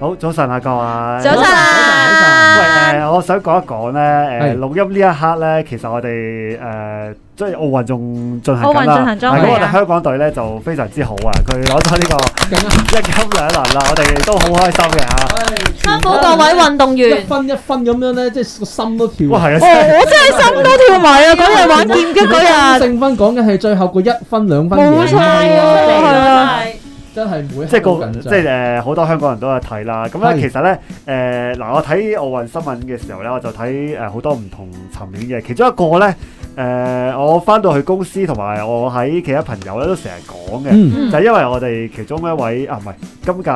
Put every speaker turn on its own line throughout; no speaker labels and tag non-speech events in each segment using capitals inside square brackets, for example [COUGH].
好，早晨阿哥啊！早晨，早晨，早晨。喂誒，我想講一講咧，誒，錄音呢一刻咧，其實我哋誒，即係奧運仲進行緊啦。咁我哋香港隊咧就非常之好啊，佢攞咗呢個一金兩銀啦，我哋都好開心嘅吓。
辛苦各位運動員，一分一分咁樣咧，即係個心都跳。哇，係啊！哦，我真係心都跳埋啊！嗰日玩劍擊嗰日，勝分講緊係最後個一分兩分嘅。冇錯，係。
真係即係個，即係
誒好多香港人都有睇啦。咁咧其實咧，誒嗱是、呃，我睇奧運新聞嘅時候咧，我就睇誒好多唔同層面嘅，其中一個咧。誒、呃，我返到去公司，同埋我喺其他朋友咧都成日講嘅，嗯、就因為我哋其中一位啊，唔係今屆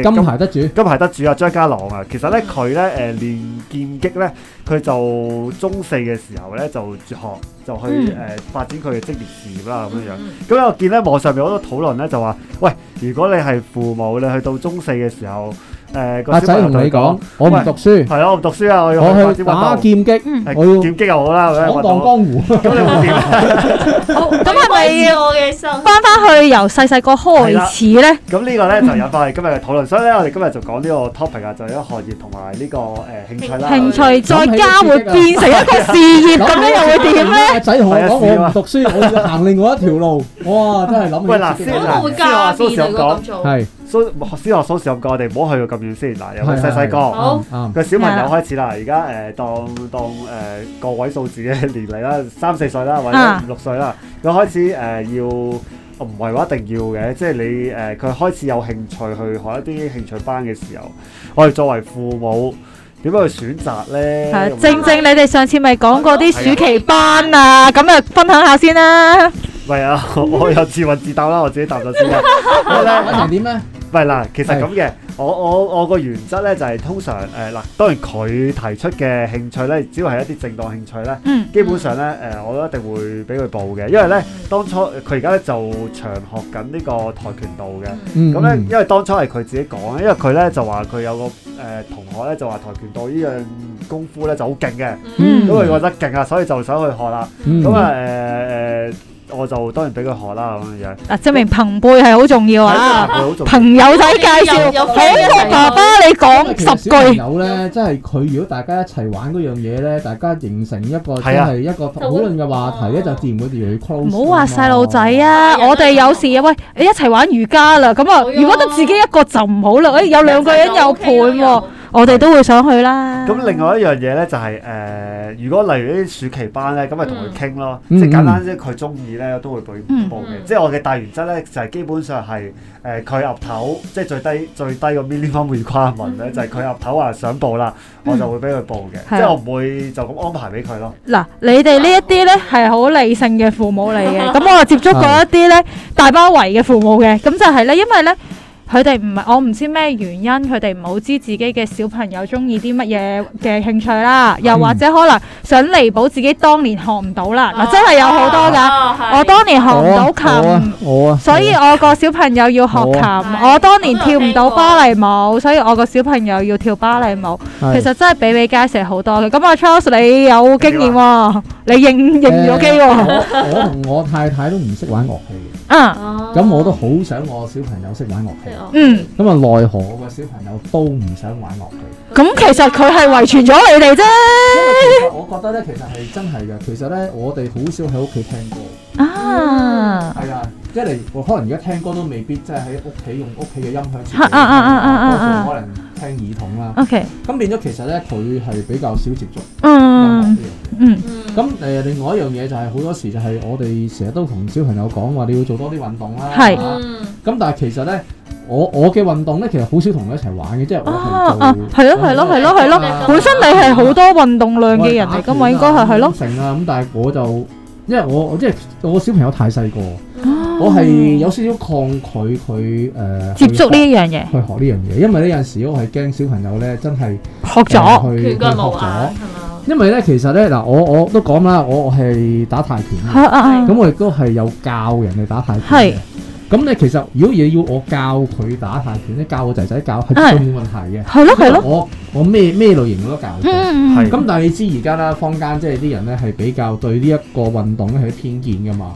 誒嘅金牌得主，金牌得主阿、啊、張家朗啊，其實咧佢咧誒練劍擊咧，佢、呃、就中四嘅時候咧就輟學就去誒、呃、發展佢嘅職業事業啦咁樣樣。咁、嗯嗯嗯、我見咧網上面好多討論咧就話，喂，如果你係父母，你去到中四嘅時候。誒，阿仔同你講，我唔讀書，係咯，我唔讀書啊，我要去打劍擊，我要劍擊又好啦，我蕩江湖。咁你點？咁
係咪我嘅生？翻翻去由細細個開始
咧。咁呢個咧就有翻我今日嘅討論，所以咧我哋今日就講呢個 topic 啊，就係一學業同埋呢個誒興趣啦。興趣再加會變成一個事業咁樣又會點咧？阿仔同我講，我唔讀書，我要行另外一條路。哇，
真係諗唔到。咁我會改變個諗做。
係。數先學數字，我哋唔好去到咁遠先。嗱，由細細個個小朋友開始啦。而家誒當當誒個位數字嘅年齡啦，三四歲啦，或者五六歲啦，佢開始誒要唔係話一定要嘅，即係你誒佢、啊、開始有興趣去學一啲興趣班嘅時候，我哋作為父母點樣去選擇咧？正正你
哋上次咪講過啲暑期班啊，咁啊的分享下先啦。
係啊， [LAUGHS] 我有自問自答啦，我自己答咗先啦。係啦， [LAUGHS] 同點咧？唔係，嗱，其實咁嘅是，我我我個原則咧就係通常誒嗱、呃，當然佢提出嘅興趣咧，只要係一啲正當興趣咧，基本上咧誒、呃，我都一定會俾佢報嘅，因為咧當初佢而家咧就長學緊呢個跆拳道嘅，咁咧、嗯、因為當初係佢自己講，因為佢咧就話佢有個誒、呃、同學咧就話跆拳道呢樣功夫咧就好勁嘅，嗯，咁佢覺得勁啊，所以就想去學啦，咁啊誒誒。嗯。我就當然俾佢學啦咁嘅嘢。
嗱，證明朋輩係好重要
啊！朋友仔介紹，
好過爸爸你講十句。小朋
友咧，即係佢如果大家一齊玩嗰樣嘢咧，大家形成一個即係一個討論嘅話題咧，就自然會越來越 close。唔好話細
路仔啊！我哋有時啊，喂，你一齊玩瑜伽啦，咁啊，如果得自己一個就唔好啦，誒，有兩個人有伴喎。我哋都會想去啦。
咁另外一樣嘢咧，就係誒，如果例如啲暑期班咧，咁咪同佢傾咯，即係簡單啲，佢中意咧都會俾
佢報嘅。即
係我嘅大原則咧，就係基本上係誒，佢入頭，即係最低最低個 minimum requirement 咧，就係佢入頭話想報啦，我就會俾佢報嘅。即係我唔會就咁安排俾佢咯。
嗱，你哋呢一啲咧係好理性嘅父母嚟嘅，咁我又接觸過一啲咧大包圍嘅父母嘅，咁就係咧，因為咧。佢哋唔係，我唔知咩原因，佢哋唔好知自己嘅小朋友中意啲乜嘢嘅興趣啦，又或者可能想彌補自己當年學唔到啦。嗱，真係有好多噶，我當年學唔到琴，所以我個小朋友要學琴。我當年跳唔到芭蕾舞，所以我個小朋友要跳芭蕾舞。其實真係比比皆是好多嘅。咁阿 Charles，你有經驗喎，你認認咗機喎。我同
我太太都唔識玩樂器。啊！咁、ah, 我都好想我小朋友識玩樂器。嗯、mm.。咁啊，奈何我嘅小朋友都唔想玩樂器。
咁、嗯、其實佢係遺傳咗你哋啫。因為其實
我覺得咧，其實係真係嘅。其實咧，我哋好少喺屋企聽歌。Yeah.
Wh ah. 啊。係
啊，即係你，我可能而家聽歌都未必，即係喺屋企用屋企嘅音響。啊可能聽耳筒啦。O K。咁變咗其實咧，佢係比較少接觸。嗯。Um,
uh,
嗯，咁誒，另外一樣嘢就係好多時就係我哋成日都同小朋友講話，你要做多啲運動啦。係，咁但係其實咧，我我嘅運動咧，其實好少同佢一齊玩嘅，即係我係做。係咯，係咯，係咯，係咯，本身你係好多運動量嘅人嚟㗎嘛，應該係係咯。成啊，咁但係我就因為我我即係我嘅小朋友太細個，
我係
有少少抗拒佢誒接觸呢一樣嘢，去學呢樣嘢，因為呢有時我係驚小朋友咧真係學咗去脱咗係嘛。因為咧，其實咧，嗱，我我都講啦，我係打泰拳，咁我亦都係有教人哋打泰拳。咁咧，其實如果嘢要我教佢打泰拳咧，教我仔仔教係絕對冇問題嘅。係咯係咯，我我咩咩類型我都教。咁但係你知而家咧，坊間即係啲人咧係比較對呢一個運動咧係偏見㗎嘛。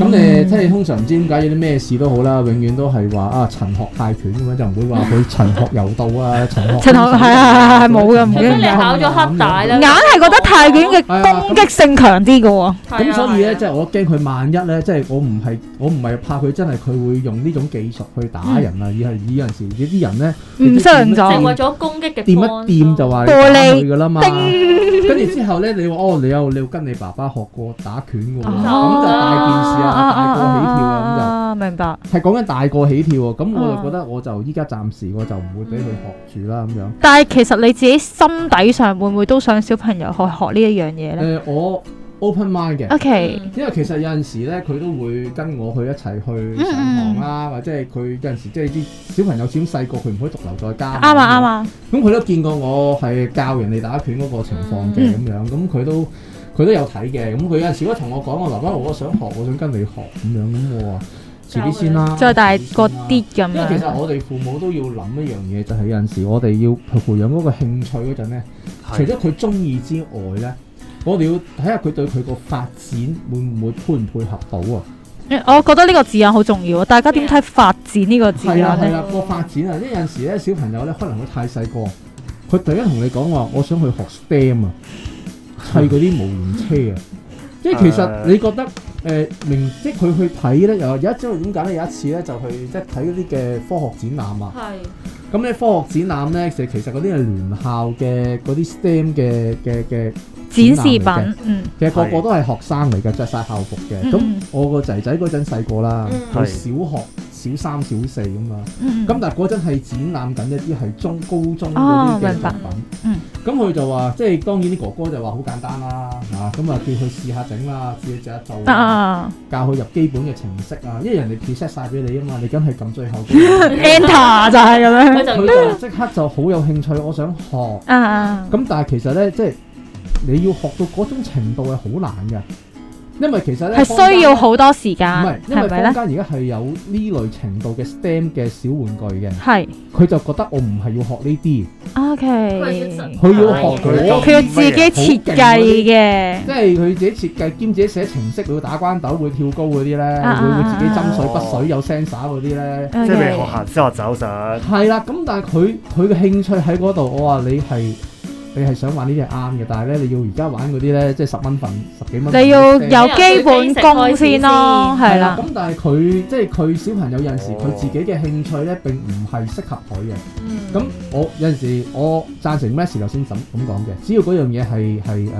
咁你即係
通常唔知點解有啲咩事都好啦，永遠都係話啊，陳學泰拳咁樣，就唔會話佢陳學柔道啊，陳學陳學係啊係冇嘅冇。咁你考咗
黑帶咧，
硬係覺得泰拳嘅攻擊性強啲㗎喎。咁所以咧，即係我驚佢萬一咧，即係我唔係我唔係怕佢真係佢會用呢種技術去打人啊，而係而有陣時有啲人咧唔成就為
咗攻擊嘅。掂一掂
就話玻璃叮。跟住之後咧，你話哦，你有你跟你爸爸學過打拳喎，咁就大件事啊。啊！大個起跳啊，咁、啊、就明白。係講緊大個起跳喎，咁我就覺得我就依家暫時我就唔會俾佢學住啦，咁樣。
但係其實你自己心底上會唔會都想小朋友去學，學呢一樣嘢咧？誒、呃，我 open mind 嘅。OK。
因為其實有陣時咧，佢都會跟我去一齊去上堂啦，嗯、或者係佢有陣時即係啲小朋友小細個，佢唔可以獨留在家。啱啊啱啊。咁佢都見過我係教人哋打拳嗰個情況嘅咁樣，咁佢都。嗯嗯佢都有睇嘅，咁、嗯、佢有陣時都同我講，我留翻我，我想學，我想跟你學咁樣，咁我啊遲啲先啦，再大個
啲咁。因為其實我
哋父母都要諗一樣嘢，就係、是、有陣時我哋要去培養嗰個興趣嗰陣咧，除咗佢中意之外咧，我哋要睇下佢對佢個，個，那個發展會唔會配唔配合到啊？
我覺得呢個字眼好重要啊！大家點睇發展呢個字眼？係啊係啊，個發展啊，有
陣時咧，小朋友咧，可能會太細個，佢突然間同你講話，我想去學 STEM 啊。砌嗰啲模型車啊！ [LAUGHS] 即係其實你覺得誒明、 [LAUGHS] 呃，即佢去睇咧，又有一朝點解咧？有一次咧，就去即係睇嗰啲嘅科學展覽啊！咁咧是科學展覽咧，其實其實嗰啲係聯校嘅嗰啲 STEM 嘅嘅嘅展示品，嗯、其實個個都係學生嚟嘅，着晒的校服嘅。咁我個仔仔嗰陣細個啦，佢、嗯、小學。小三小四咁嘛，咁、嗯、但係嗰陣係展覽緊一啲係中高中嗰啲嘅作品，咁佢、哦嗯、就話，即係當然啲哥哥就話好簡單啦，嚇咁啊，叫佢試一下整啦，試一下做，教佢入基本嘅程式啊，啊因為人哋 preset 晒俾你啊嘛，你梗係撳最後嘅 enter 就係咁樣，佢就即刻就好有興趣，我想學，咁、啊、但係其實咧，即係你要學到嗰種程度係好難嘅。因為其實咧，係需要好
多時間，係咪咧？房間而家
係有呢類程度嘅 STEM 嘅小玩具嘅，係佢是就覺得我唔係要學呢啲。
O K，佢要學佢，佢要自己
設計嘅。即係佢自己設計兼自己寫程式，會打關斗、會跳高嗰啲咧，會、啊啊啊啊啊、會自己斟水不水 S、哦、 有 sensor 嗰啲咧，即係你學行先
學走神。係
啦，咁但係佢佢嘅興趣喺嗰度，我話你係。你係想玩呢啲係啱嘅，但係咧你要而家玩嗰啲咧，即係十蚊份十幾蚊。你要有基本功先咯，係啦、哦。咁但係佢即係佢小朋友有陣時佢自己嘅興趣咧並唔係適合佢嘅。
咁、哦嗯、
我有陣時我贊成 Max 頭先咁咁講嘅，只要嗰樣嘢係係誒，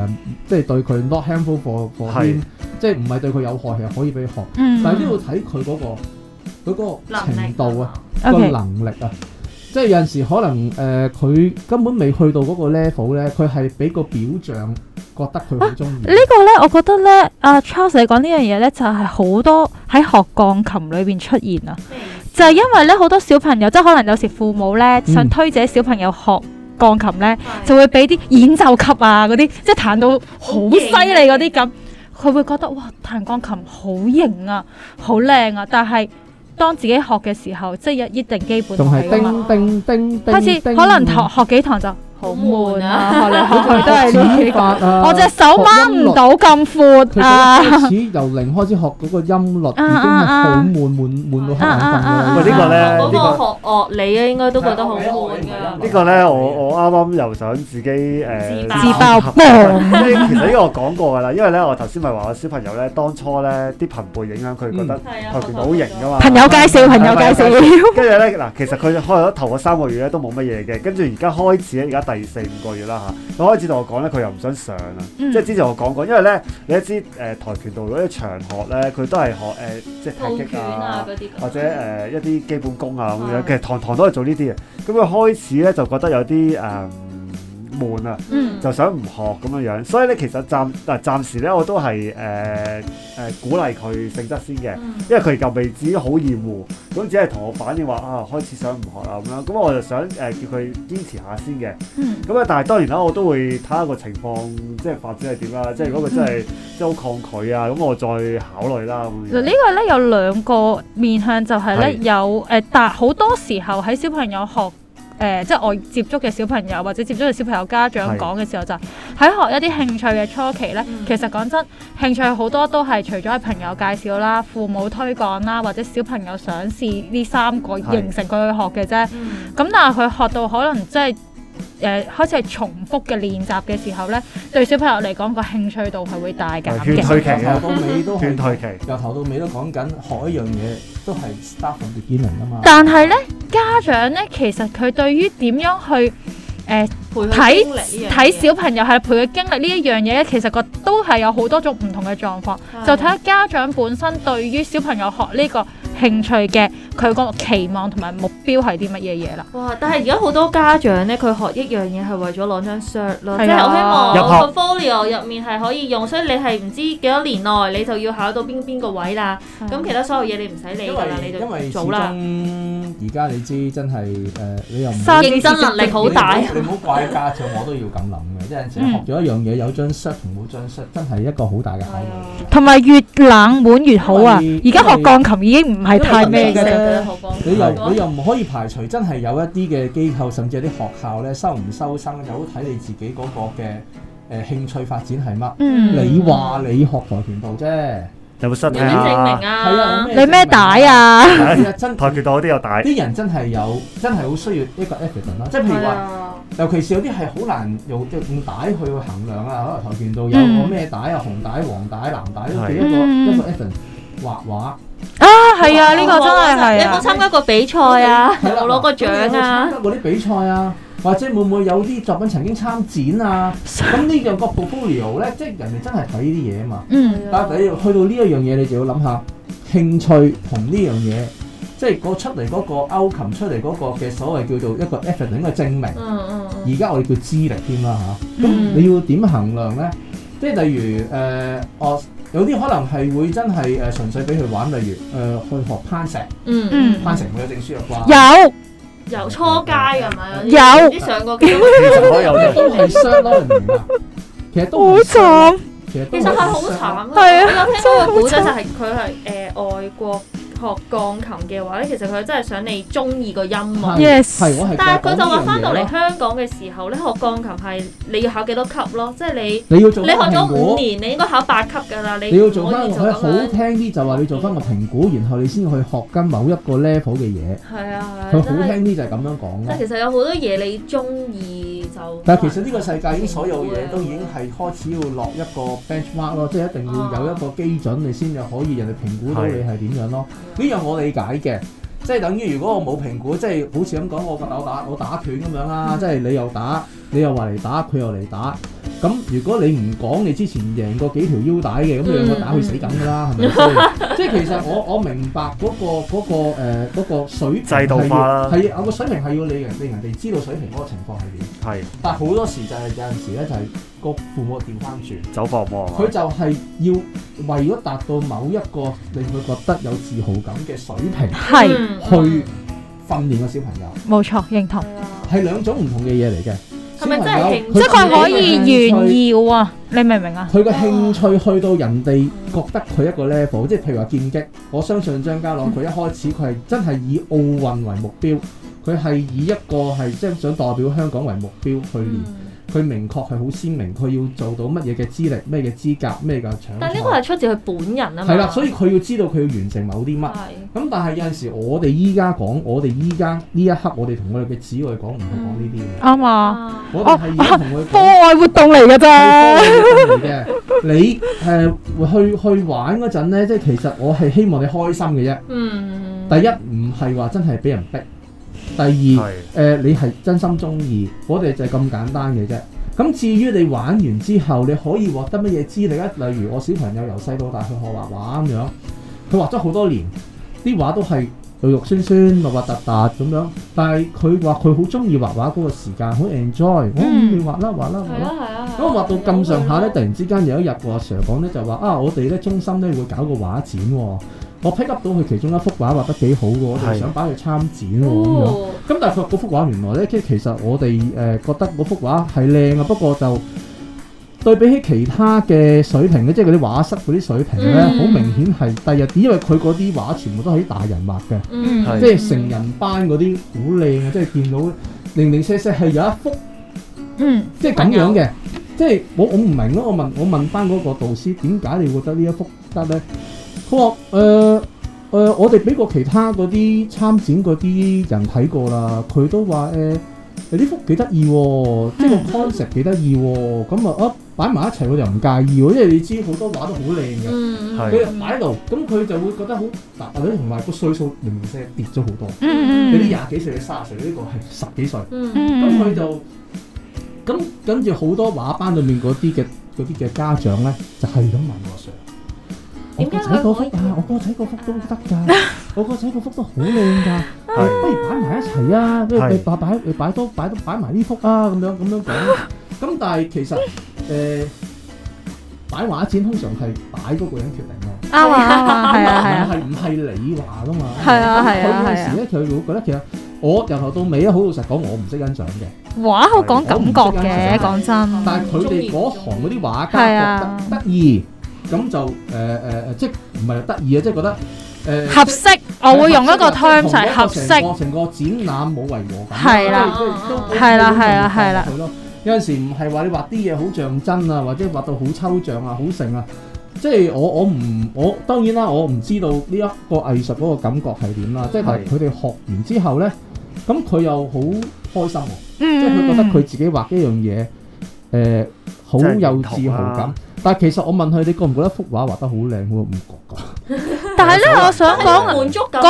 即係對佢 not harmful for for 即係唔係對佢有害，其實可以俾佢學。嗯、但係都要睇佢嗰個嗰、嗰個、程度啊，個能力啊。Okay, 即係有陣時可能誒，佢、呃、根本未去到嗰個 level 咧，佢係俾個表象覺得佢好中意。
啊這個、呢個咧，我覺得咧，阿、啊、Charles 講呢樣嘢咧，就係、是、好多喺學鋼琴裏邊出現啊。嗯、就係因為咧，好多小朋友即係可能有時父母咧想推自己小朋友學鋼琴咧，嗯、就會俾啲演奏級啊嗰啲，即係彈到好犀利嗰啲咁，佢、嗯嗯嗯、會覺得哇彈鋼琴好型啊，好靚啊，但係。當自己學嘅時候，即係有一定基本，係開始可能堂學幾堂就。好悶啊！學嚟學去都係呢幾個，我隻手掹唔到
咁闊啊！開始由零開始學嗰個音
律，已經好悶悶悶到～啊啊啊！呢個咧，嗰個學樂理咧，應該
都覺得好
悶嘅。呢個咧，我我啱啱又想自己誒自爆。其實呢個我講過噶啦，因為咧，我頭先咪話我小朋友咧，當初咧啲朋輩影響佢，覺得特別好型噶嘛。朋友介紹，朋友介紹。跟住咧嗱，其實佢開頭嗰三個月咧都冇乜嘢嘅，跟住而家開始咧，而家。第四五個月啦吓。佢開始同我講咧，佢又唔想上啦，嗯、即係之前我講過，因為咧你一知誒跆、呃、拳道嗰啲長學咧，佢都係學誒即係泰、啊、拳啊或者誒、呃、一啲基本功啊咁樣，啊、其實堂堂都係做呢啲嘅。咁佢開始咧就覺得有啲誒。呃悶啊，嗯、就想唔學咁樣樣，所以咧其實暫嗱暫時咧我都係誒誒鼓勵佢性質先嘅，因為佢而家未至於好厭惡，咁只係同我反映話啊開始想唔學啦咁樣，咁我就想誒、呃、叫佢堅持下先嘅，咁啊、嗯、但係當然啦，我都會睇下個情況，即係發展係點啦，即係如果佢真係真係好抗拒、嗯、啊，咁我再考慮啦咁。嗱
呢個咧有兩個面向、就係，就係咧有誒，但、呃、好多時候喺小朋友學。誒、呃，即係我接觸嘅小朋友，或者接觸嘅小朋友家長講嘅時候，是就喺學一啲興趣嘅初期呢。嗯、其實講真，興趣好多都係除咗係朋友介紹啦、父母推廣啦，或者小朋友想試呢三個形成佢去學嘅啫。咁是、嗯、但係佢學到可能即係誒開始係重複嘅練習嘅時候呢，對小朋友嚟講個興趣度係會大減嘅。斷期嘅，個尾都斷
退期，由頭到尾都講、嗯、緊學一樣嘢。都係 staff 同，但
係呢，家長呢，其實佢對於點樣去睇睇、呃、小朋友係陪佢經歷呢一樣嘢咧，其實個都係有好多種唔同嘅狀況， [LAUGHS] 就睇下家長本身對於小朋友學呢個興趣嘅。佢講個期望同埋目標係啲乜嘢嘢啦？
哇！但係而家好多家長咧，佢學一樣嘢係為咗攞張 cert 咯，即係我希望個 portfolio 入面係可以用，所以你係唔知幾多年內你就要考到邊邊個位啦。咁其他所有嘢你唔使理㗎啦，你就早啦。
而家你知真係誒，你又競爭能力好大。你唔好怪家長，我都要咁諗嘅，即係學咗一樣嘢有張 cert 同冇張 cert 真係一個好大嘅考驗。
同埋越冷門越好啊！而家學鋼琴已經唔係太咩嘅啦。你又你又
唔可以排除真係有一啲嘅機構，甚至係啲學校咧收唔收生，就好睇你自己嗰個嘅誒、呃、興趣發展係乜。嗯、你話你學跆拳道啫，
有冇失明？啊？有冇證明
啊？你咩帶啊？啊啊真跆
拳 [LAUGHS] 道嗰啲有帶。啲人真係有真係好需要一個 effort 啦、啊，即係、嗯、譬如話，尤其是有啲係好難用用帶去去衡量啊。可能跆拳道有個咩、嗯、帶啊，紅帶、黃帶、藍帶，都係、嗯、一個一個 effort 畫畫。
啊，係啊，呢哇個真係，哇你有冇參加過比賽啊？有冇攞過獎啊？參
加過啲比賽啊？或者會唔會有啲作品曾經參展啊？咁、 [LAUGHS] 啊、呢樣個 portfolio 咧，即係人哋真係睇呢啲嘢啊嘛。嗯。但係你去到呢一樣嘢，你就要諗下興趣同呢樣嘢，即係個出嚟嗰個 outcome 出嚟嗰個嘅所謂叫做一個 effort，一個證明。嗯嗯。而家我哋叫資歷添啦吓。啊、嗯。嗯你要點衡量咧？即係例如誒我。呃呃呃呃有啲可能係會真係誒純粹俾佢玩，例如誒去學攀石，嗯嗯，攀石會有
證書嘅啩。有，由初階嘅係咪？有啲上過幾次，就
可能有啲皮傷咯。其實都好慘，
其實係好慘。係啊，有聽過個故事就係佢係誒外國。學鋼琴嘅話咧，其實佢真係想你中意個音樂。Yes，但係佢就話翻到嚟香港嘅時候咧，學鋼琴係你要考幾多級咯？即係你你要做你學咗五年，你應該考八級㗎啦。你，你要做翻個，做個好
聽啲，就話你做翻個評估，然後你先去學跟某一個 level 嘅嘢。
係啊係，佢好聽
啲就係咁樣講。但
其實有好多嘢你中意。
但係其實呢個世界已經所有嘢都已經係開始要落一個 benchmark 咯，即係一定要有一個基準，你先至可以人哋評估到你係點樣咯。呢樣的我理解嘅，即係等於如果我冇評估，即係好似咁講，我個手打我打斷咁樣啦，即係你又打，你又話嚟打，佢又嚟打。咁如果你唔講你之前贏過幾條腰帶嘅，咁、嗯、你兩個打佢死梗噶啦，係咪先？即係其實我我明白嗰、嗰個嗰、嗰個呃嗰個水平制度化啦，係啊個水平係要你人令人哋知道水平嗰個情況係點。係，係，但係好多時就係、係、有陣時咧就係個父母調翻轉
走過佢就
係要為咗達到某一個令佢覺得有自豪感嘅水平，係係、嗯、去訓練個小朋友。
冇錯，認同。
係兩種唔同嘅嘢嚟嘅。
小朋友，即係佢可以炫耀啊！你明唔明啊？佢 [NOISE] 個樂興
趣去到人哋覺得佢一個 level， [MUSIC] 即係譬如話劍擊，我相信張家朗佢一開始佢係真係以奧運為目標，佢係 [MUSIC] 以一個係即係想代表香港為目標去練。嗯佢明確係好鮮明，佢要做到乜嘢嘅資歷、咩嘅資格、咩嘅搶。但呢個係
出自佢本人啊嘛。係啦，所以
佢要知道佢要完成某啲乜。咁的、嗯、但係有陣時我，我哋依家講，我哋依家呢一刻，我哋同我哋嘅子女講，唔係講呢啲嘅。
啱、嗯、啊。
我哋係要同佢課
外活動嚟嘅咋。係課外活動
嚟嘅。 [LAUGHS] 你誒、呃、去去玩嗰陣咧，即係其實我係希望你開心嘅啫。
嗯。第
一唔係話真係俾人逼。第二誒、呃，你係真心中意，我哋就係咁簡單嘅啫。咁至於你玩完之後，你可以獲得乜嘢資歷咧？例如我小朋友由細到大去學畫畫咁樣，佢畫咗好多年，啲畫都係肉肉酸酸、滑滑突突。咁樣。但係佢話佢好中意畫畫嗰個時間，好 enjoy，好鍾意畫啦畫啦畫啦。咁畫到咁上下咧，突然之間有一日個阿 Sir 講咧就話啊，我哋咧中心咧會搞個畫展喎、哦。我 pick up 到佢其中一幅畫畫得幾好嘅，的我就想把佢參展喎。咁、哦、但係佢幅畫原來咧，即係其實我哋誒覺得嗰幅畫係靚嘅，不過就對比起其他嘅水平咧，即係嗰啲畫室嗰啲水平咧，好、嗯、明顯係第入啲，因為佢嗰啲畫全部都係大人畫嘅，嗯、即係成人班嗰啲好靚嘅，即係見到零零舍舍係有一幅，即係咁樣嘅，即係我我唔明咯。我問我問翻嗰個導師，點解你會覺得呢一幅得咧？佢話：誒誒、呃呃，我哋俾過其他嗰啲參展嗰啲人睇過啦，佢都話誒，呢、呃、幅幾得意，即係個 concept 幾得意。咁啊，擺埋一齊我就唔介意喎，因為你知好多畫都好靚嘅，佢擺喺度，咁佢就，就會覺得好嗱，或同埋個歲數零舍跌咗好多，有啲廿幾歲、啲卅歲，呢、這個係十幾歲，咁佢、嗯嗯、就咁跟住好多畫班裏面嗰啲嘅啲嘅家長咧，就係咁問我相。點啊？我個仔嗰幅都得㗎，我個仔嗰幅都好靚㗎，不如擺埋一齊啊！你擺擺，你擺多擺多擺埋呢幅啊！咁樣咁樣講，咁但係其實誒擺畫展通常係擺嗰個人決定咯，係唔係你話啊嘛？係啊係啊係啊！咁有時咧，佢會覺得其實我由頭到尾咧，好老實講，我唔識欣賞嘅
畫，我講感覺嘅，講真。但係佢哋嗰
行嗰啲畫家覺得得意。咁就誒誒誒，即係唔係得意啊？即係覺得誒、呃、合適式，是我會用個式一個 theme 就嚟合適式，成個展覽冇違和感，係啦
的，係啦，係啦。有
陣時唔係話你畫啲嘢好像真啊，或者畫到好抽象啊、好剩啊，即係我我唔我當然啦，我唔知道呢一個藝術嗰個感覺係點啦。即係佢哋學完之後咧，咁佢又好開心啊，的嗯、即係佢覺得佢自己畫一樣嘢誒。呃好有自豪感，但係其實我問佢，你覺唔覺得幅畫畫得好靚？我話唔覺㗎。
但係咧，我想講嗰種滿足感，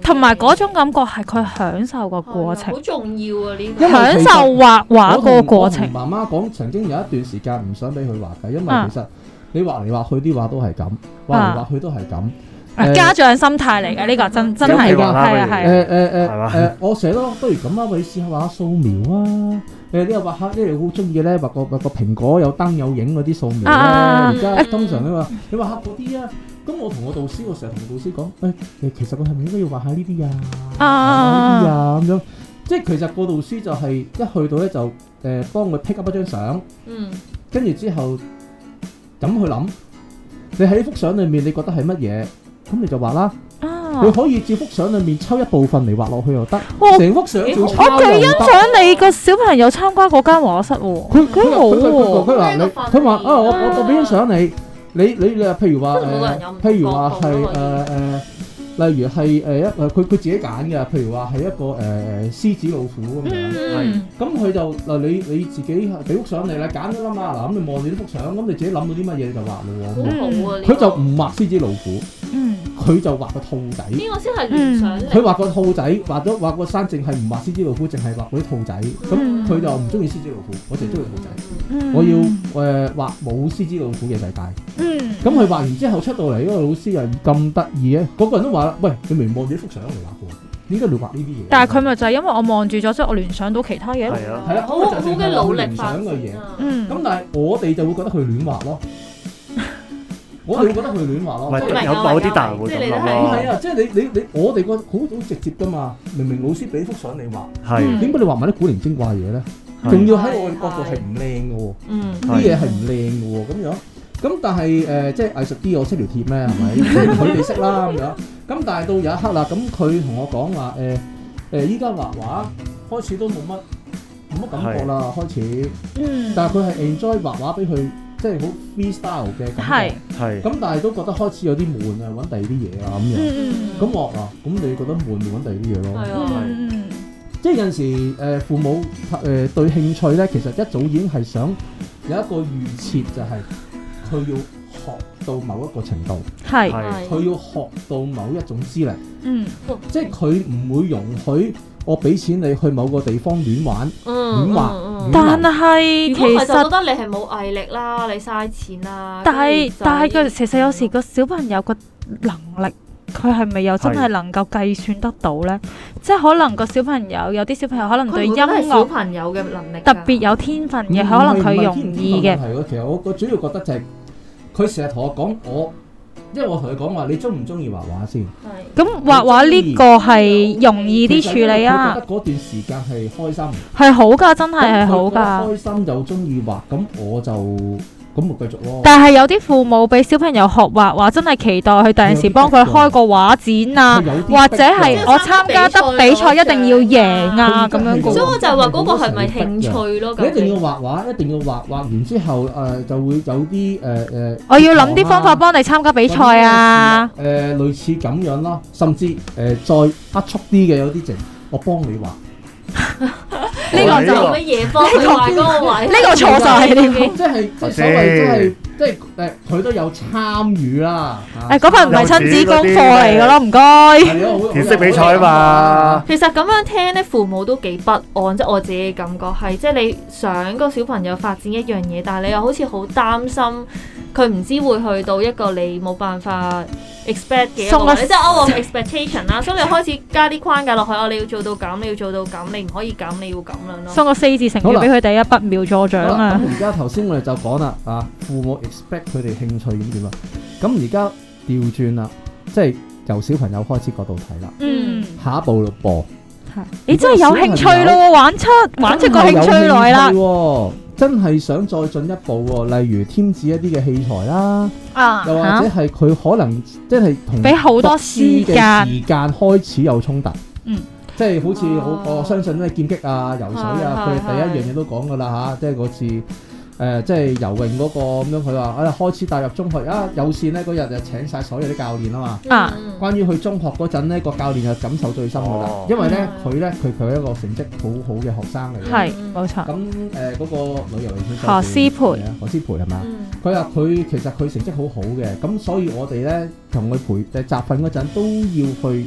同埋嗰種感覺係佢享受個過程。好重
要啊！呢個享受畫畫個過程。媽媽講曾經有一段時間唔想俾佢畫㗎，因為其實你畫嚟畫去啲畫都係咁，畫嚟畫去都係咁。
家長心態嚟嘅呢個真真係嘅，係啊
係啊。誒誒誒誒，我寫咯，不如咁啊，你試下畫素描啊。誒啲、欸、畫黑咧，好鍾意咧，畫個畫個蘋果有燈有影嗰啲素描咧。而家、啊、通常都、嗯、你話你畫黑嗰啲啊，咁我同個導師，我成日同個導師講誒、欸，其實我係咪應該要畫下呢啲啊？呢啲啊咁、啊、樣，即係其實個導師就係一去到咧就誒、呃、幫佢 pick up 一張相，跟住、嗯、之後咁去諗你喺幅相裏面你覺得係乜嘢，咁你就畫啦。佢可以照幅相裏面抽一部分嚟畫落去又得，成幅相照抄又得。我幾欣賞
你個小朋友參觀嗰間畫室喎，佢佢冇喎，佢話
你，佢話啊我我我俾欣賞你，你你你啊，譬如話誒，譬如話係誒誒。例如係誒一誒佢佢自己揀嘅，譬如話係一個誒誒、呃、獅子老虎咁樣，係咁佢就嗱、呃、你你自己俾幅相你啦，揀咗啦嘛，嗱咁你望你啲幅相，咁你、嗯、自己諗到啲乜嘢你就畫咯，佢、嗯嗯、就唔畫獅子老虎，佢、嗯、就畫個兔仔。呢個先
係聯想。佢
畫個兔仔，畫咗畫個山，淨係唔畫獅子老虎，淨係畫嗰啲兔仔。咁佢就唔中意獅子老虎，我淨係中意兔仔。我要誒、呃、畫冇獅子老虎嘅世界。咁佢、嗯、畫完之後出到嚟，個老師又咁得意咧，個個人都話。喂，你未望住呢幅相嚟畫嘅？點解亂畫呢啲嘢？但係佢
咪就係因為我望住咗，即係我聯想到其他嘢。係咯，係啊，好好嘅努力想嘅嘢。嗯。咁但係
我哋就會覺得佢亂畫咯。我哋會覺得佢亂畫咯。唔係有某啲大會咁諗咯。係啊，即係你你你，我哋個好好直接㗎嘛。明明老師俾幅相你畫，係點解你畫埋啲古靈精怪嘢咧？仲要喺我哋嘅角度係唔靚嘅喎。嗯。
啲嘢係唔
靚嘅喎，咁樣。咁、嗯、但係誒、呃，即係藝術啲我識條鐵咩？係咪即係佢哋識啦咁樣。咁但係到有一刻啦，咁佢同我講話誒誒，依、呃、家、呃、畫畫開始都冇
乜
冇乜感覺啦。是開始，嗯、但係佢係 enjoy 畫畫，俾佢即係好 free style 嘅感覺係咁，但係都覺得開始有啲悶啊，揾第二啲嘢啊咁樣。咁、嗯、我話，咁你覺得悶，咪揾第二啲嘢咯？係即係有陣時誒，父母誒對興趣咧，其實一早已經係想有一個預設就係、是就。是佢要學到某一個程度，係佢要學到某一種資歷，嗯，
即係
佢唔會容許我俾錢你去某
個地方亂玩，
亂玩，
但
係其實覺得
你係冇毅力啦，你嘥錢啦。但係但係佢其
實有時個小朋友個能力，佢係咪又真係能夠計算得到呢？即係可能個小朋友有啲小朋友可能對音樂小朋友嘅能力特別有天分嘅，可能佢容易嘅。
其實
我個主要覺得就係。佢成日同我講我，因為我同佢講話，你中唔中意畫畫先？咁
係、嗯、畫畫呢個係容易啲處理啊。
覺得嗰段時間係開心，
係好㗎，真係係好㗎。嗯、開
心就中意畫，咁我就。咁咪繼續咯。但係
有啲父母俾小朋友學畫畫，真係期待佢第陣時幫佢開個畫展啊，或者係我參加得比賽一定要贏啊咁樣講。
所以我就話嗰個係咪興趣咯？咁一定
要畫畫，一定要畫畫完之後誒就會有啲誒誒。我要諗啲方法幫你
參加比賽啊！
誒，類似咁樣咯，甚至誒再加速啲嘅有啲整，我幫你畫。
呢 [LAUGHS] 個就乜嘢？這個？呢、這個呢、這個錯就喺呢個，即係即係所謂、就是，即係
即係誒，佢、啊、都有參與啦、啊。誒、啊，嗰份唔係親子功課嚟噶咯，唔該。係填色比賽嘛。
其實咁樣聽咧，父母都幾不安，即係我自己嘅感覺係，即係你想個小朋友發展一樣嘢，但係你又好似好擔心。佢唔知會去到一個你冇辦法 expect 嘅了即係 out of expectation 啦。 [LAUGHS] 所以你開始加啲框架落去，我你要做到咁，你要做到咁，你唔可以咁，你要咁樣咯。樣樣送個四字成
語俾佢哋，拔苗助長咁。而家頭先我哋就講啦，
[LAUGHS] 啊父母 expect 佢哋興趣點點啊？咁而家調轉啦，即係由小朋友開始角度睇啦。嗯，下一步咯噃。
係是，你真係有興趣
咯，玩
出玩出個興趣來啦。嗯
真係想再進一步喎、哦，例如添置一啲嘅器材啦，
啊、又或者係
佢可能即係同俾好多時間時間開始有衝突，嗯，即係好似我、啊、我相信咧劍擊啊、游水啊，佢哋第一樣嘢都講噶啦吓，的即係嗰次。誒、呃，即係游泳嗰、那個咁樣，佢話，我哋開始帶入中學，啊有線呢嗰日就請晒所有啲教練啦嘛。啊，關於去中學嗰陣咧，個教練就感受最深噶啦，哦、因為咧，佢咧佢佢係一個成績好好嘅學生嚟嘅。係，冇錯。咁誒，嗰、呃呃那個旅遊何思培啊，何思培係咪啊？佢話佢其實佢成績好好嘅，咁所以我哋咧同佢培就集訓嗰陣都要去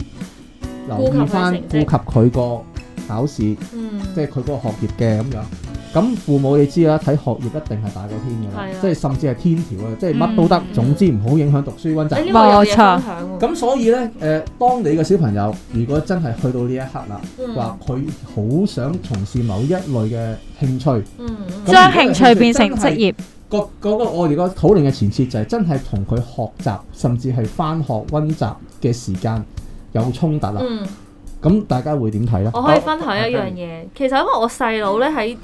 留意翻顧及佢個考試，即係佢嗰個學業嘅咁樣。嗯咁父母你知啦，睇學業一定係大過天噶啦是、啊，即係甚至係天條啊，即係乜都得，總之唔好影響讀書温習。冇沒錯。咁所以呢，誒、呃，當你嘅小朋友如果真係去到呢一刻啦，話佢好想從事某一類嘅興趣，
將、嗯、興趣變成職業。
嗰嗰、那個那個我哋討論嘅前設就係真係同佢學習，甚至係翻學温習嘅時間有衝突啦。嗯。咁大家會點睇呢？我可以分享一樣
嘢，其實因為我細佬呢喺。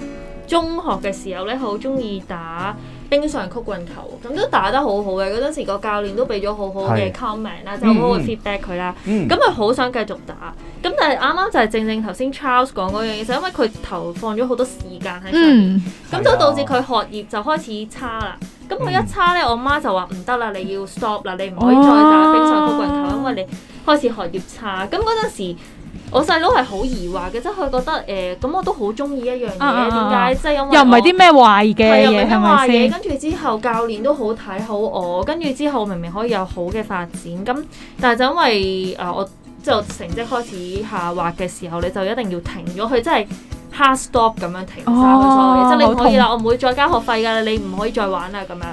中學嘅時候咧，好中意打冰上曲棍球，咁都打得好好嘅。嗰陣時個教練都俾咗好是好嘅 comment 啦，就好好 feedback 佢啦。咁佢好想繼續打，咁但係啱啱就係正正頭先 Charles 講嗰樣嘢，就係、因為佢投放咗好多時間喺
度，咁、嗯、就導致
佢學業就開始差啦。咁佢一差咧，嗯、我媽就話唔得啦，你要 stop 啦，你唔可以再打冰上曲棍球，啊、因為你開始學業差。咁嗰陣時。我細佬係好疑惑嘅，即係佢覺得誒咁、呃、我都好中意一樣嘢，點解、啊啊啊啊？即係因為又唔係啲咩壞嘅嘢，係咪先？是是跟住之後教練都好睇好我，跟住之後明明可以有好嘅發展，咁但係就因為啊、呃、我即係成績開始下滑嘅時候，你就一定要停咗佢，真係 hard stop 咁樣停晒。曬佢，即係你唔可以啦，痛我唔會再交學費噶啦，你唔可以再玩啦咁樣。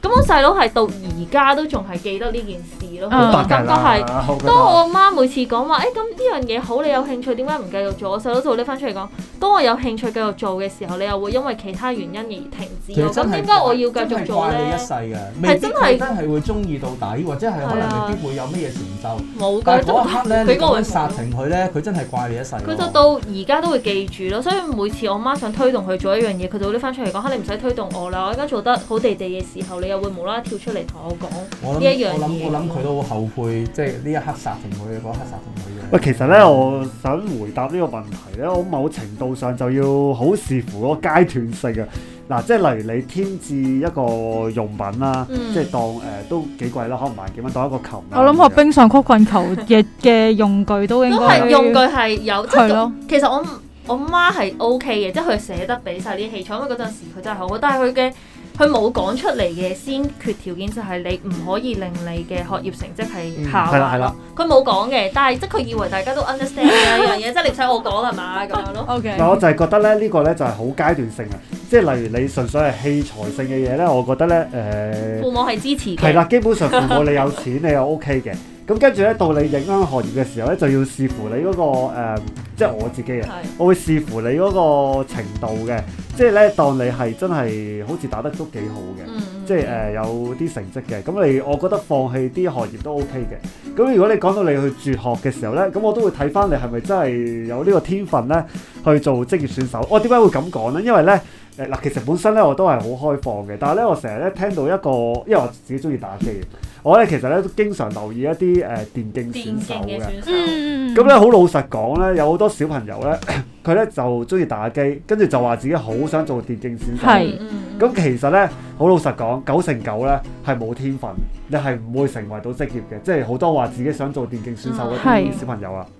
咁我細佬係到而家都仲係記得呢件事咯，個感覺係當我阿媽每次講話，誒咁呢樣嘢好，你有興趣，點解唔繼續做？我細佬就會拎翻出嚟講，當我有興趣繼續做嘅時候，你又會因為其他原因而停止。咁點解我要繼續做呢？所以真係真
係怪你一世㗎，係真係真係會中意到底，或者係可能未必會有咩成就。冇㗎，嗰刻咧佢殺停佢咧，佢真係怪你一世。佢就
到而家都會記住咯，所以每次我媽想推動佢做一樣嘢，佢就會拎翻出嚟講，你唔使推動我啦，我而家做得好地地嘅時候，又會無啦啦跳出嚟同我講呢一樣嘢。嗯、我諗
佢都好後悔，即
係呢一刻殺停佢嗰一刻殺停佢。
喂，其實咧，我想回答呢個問題咧，我某程度上就要好視乎嗰階段性啊。嗱，即係例如你添置一個用品啦，嗯、即係當誒、呃、都幾貴啦，可能萬幾蚊當一個球。嗯、我諗學
冰上曲棍球嘅嘅用具都應該係用具係有齊、就是、咯。
其實我我媽係 OK 嘅，即係佢捨得俾晒啲器材，因為嗰陣時佢真係好，但係佢嘅。佢冇講出嚟嘅先決條件就係你唔可以令你嘅學業成績係下滑咯。佢冇講嘅，但係即係佢以為大家都 understand 呢樣嘢，即係你唔使我講係嘛？咁樣咯。嗱，Okay. 我就
係覺得咧，呢個咧就係好階段性啊。即係例如你純粹係器材性嘅嘢咧，我覺得咧誒，呃、父母
係支持嘅。係啦，基本上父母你
有錢 [LAUGHS] 你又 OK 嘅。咁跟住咧，到你影響學業嘅時候咧，就要視乎你嗰、那個、呃、即係我自己啊，是我會視乎你嗰個程度嘅。即係咧，當你係真係好似打得都幾好嘅，嗯嗯嗯即係誒、呃、有啲成績嘅，咁你我覺得放棄啲學業都 OK 嘅。咁如果你講到你去絕學嘅時候咧，咁我都會睇翻你係咪真係有呢個天分咧去做職業選手。我點解會咁講咧？因為咧。誒嗱，其實本身咧我都係好開放嘅，但係咧我成日咧聽到一個，因為我自己中意打機，我咧其實咧都經常留意一啲誒、呃、電競選手嘅。電競選手，嗯嗯嗯。
咁咧好老
實講咧，有好多小朋友咧，佢咧就中意打機，跟住就話自己好想做電競選手。咁、嗯、其實咧，好老實講，九成九咧係冇天分，你係唔會成為到職業嘅，即係好多話自己想做電競選手嗰啲小朋友啊。嗯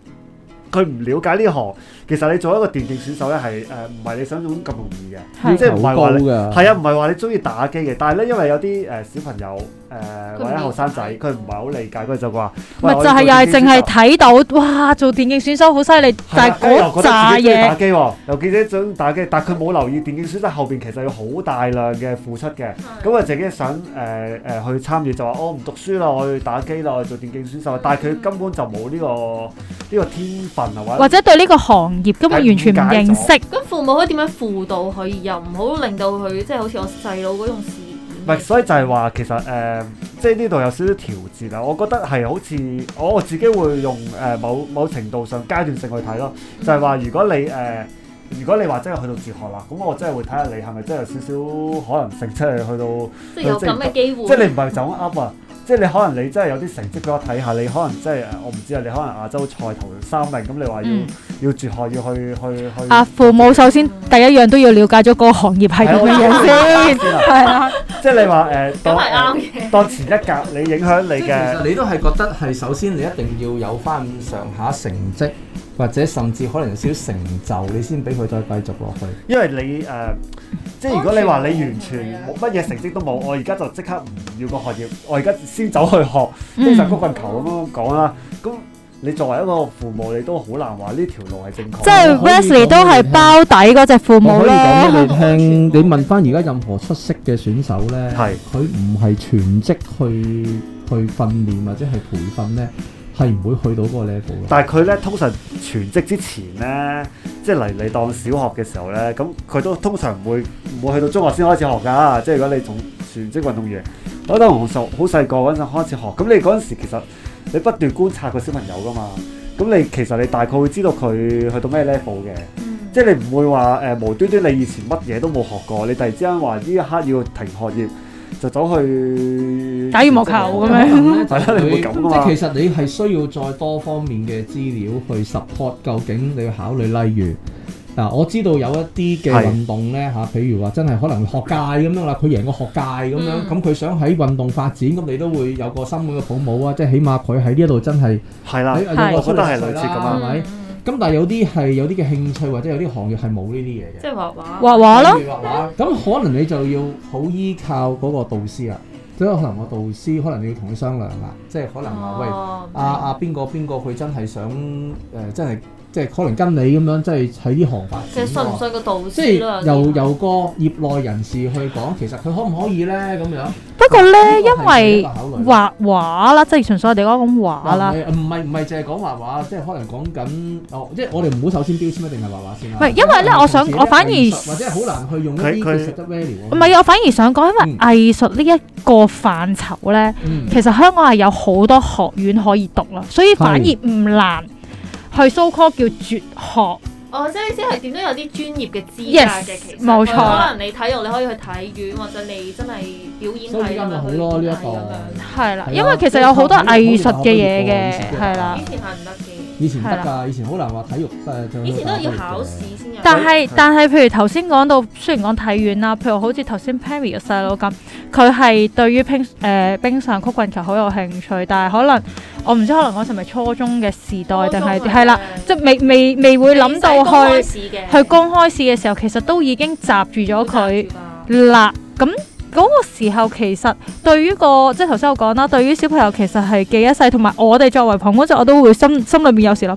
佢唔了解呢行，其實你做一個電競選手咧，係誒唔係你想做咁容易嘅，的即係唔係話你係啊，唔係話你中意打機嘅，但係咧因為有啲誒、呃、小朋友。誒、呃、或者後生仔，佢唔係好理解，佢就話：咪就係又係淨係
睇到，哇！做電競選手好犀利，啊、但係嗰扎嘢打
機喎。西由記者想打機，但佢冇留意電競選手後邊其實有好大量嘅付出嘅。咁啊的，自己想誒誒、呃呃、去參與，就話我唔讀書啦，我去打機啦，去做電競選手。但係佢根本就冇呢、呢個呢、呢個天分啊！或者
對呢個行業根本完全唔認識，
咁父母可以點樣輔導？可以又唔好令到佢即係好似我細佬嗰種
所以就係話其實誒、呃，即係呢度有少少調節啊。我覺得係好似我自己會用誒、呃，某某程度上階段性去睇咯。就係、是、話如果你誒、呃，如果你話真係去到哲學啦，咁我真係會睇下你係咪真係有少少可能性，即、就、係、是、去到
即係有咁嘅機會，即係你唔
係走噏呀。 [LAUGHS] 即係你可能你真係有啲成績俾我睇下，你可能即係誒，我唔知啊，你可能亞洲賽頭三名，咁你話要、嗯、要絕學要去去去？啊，
父母首先第一樣都要了解咗個行業係點嘢先，係啦。
即係你話誒，當、呃、當前一格，你影響你嘅，你都係覺得係首先你一
定要有翻上
下成績。或者甚至可能有少少成就，你先俾佢再繼續落去。
因為你誒、呃，即係如果你話你完全乜嘢成績都冇，我而家就即刻唔要個學業，我而家先走去學踢曬曲棍球咁樣講啦。咁、嗯、你作為一個父母，你都好難話呢條路係正確。即係 Wesley 都係
包
底嗰隻父母。我可以講俾你
聽，你問返而家任何出色嘅選手咧，係佢唔係全職去去訓練或者係培訓咧，係唔會去到嗰個 level 嘅。但係佢
咧通常全職之前咧，即係嚟你當小學嘅時候咧，咁佢都通常唔會唔會去到中學先開始學㗎。即係如果你從全職運動員，我當我好細個嗰陣開始學，咁你嗰陣時其實你不斷觀察個小朋友㗎嘛。咁你其實你大概會知道佢去到咩 level 嘅。即係你唔會話誒、呃、無端端你以前乜嘢都冇學過，你突然之間話呢一刻要停學業。就走去打羽毛球
咁樣，即
係其實你係需
要再多方面嘅資料去 support，究竟你要考慮。例如嗱，我知道有一啲嘅運動咧嚇，譬如話真係可能學界咁樣啦，佢贏個學界咁樣，咁佢想喺運動發展，咁你都會有個深厚嘅父母啊，即係起碼佢喺呢一度真係係啦，呢個都係類似咁係咪？咁、嗯、但係有啲係有啲嘅興趣或者有啲行業係冇呢啲嘢嘅，即係畫畫，畫畫咯。咁可能你就要好依靠嗰個導師啦，即可能個導師可能你要同佢商量啦，即係可能話喂，阿阿邊個邊個佢真係想誒、呃、真係。即係可能跟你咁樣，即係喺啲行法。其實
信唔信個導師啦？即係由
由個業內人士去講，其實佢可唔可以咧？咁樣。不
過咧，因為畫畫啦，即係純粹我哋講講畫啦。唔係
唔係唔係，淨係講畫畫，即係可能講緊哦。即係我哋唔好首先標籤一定係畫畫先啊。唔係，因為咧，我想我反而或者好難去用呢啲叫實質 value。
唔係，我反而想講，因為藝術呢一個範疇咧，其實香港係有好多學院可以讀啦，所以反而唔難。去 so call 叫絕學，
哦，即係即係點都有啲專業嘅資格嘅，其實，冇錯，可能你
體育你可以去體院，或者你真係表演係。好咯，呢一個係啦，因為其實有好多藝術嘅嘢嘅，係啦。
以前係唔得嘅，係啦。
以前好難話體育，以前都係要考試先有。但係但係，譬如
頭先講到，雖然講體院啦，譬如好似頭先 Perry 嘅細佬咁，佢係對於冰誒冰上曲棍球好有興趣，但係可能。我唔知可能我係咪初中嘅時代定係係啦，即係未未未會諗到去，去剛開始嘅時候，其實都已經閘住咗佢啦。咁嗰個時候其實對於個即係頭先我講啦，對於小朋友其實係記一世，同埋我哋作為旁觀者我都會心心裏面有時諗，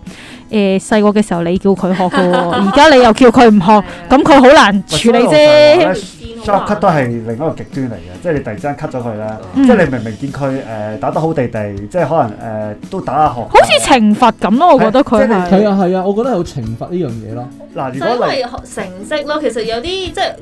誒細個嘅時候你叫佢學嘅喎，而家你又叫佢唔學，咁佢好難處理啫。
Job cut 都係另一個極端嚟嘅，即係你突然之間 cut 咗佢咧，嗯、即係你明明見佢誒、呃、打得好地地，即係可能誒、呃、都打下、啊、學啊，
好似
懲罰咁咯。
我
覺得佢係啊係、就是、啊，啊，啊，我覺得有懲罰呢樣嘢咯。嗱、啊，如果因
成績咯，其實有啲即係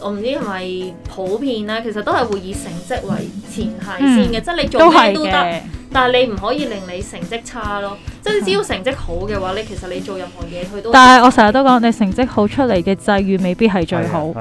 我唔知係咪普遍啦，其實都係會以成績為前提先嘅，嗯、即係你做咩都得，都但係你唔可以令你成績差咯。嗯、即係只要成績好嘅話，你其實你做任何嘢佢都。但係我
成日都講，你成績好出嚟嘅際遇未必係最好。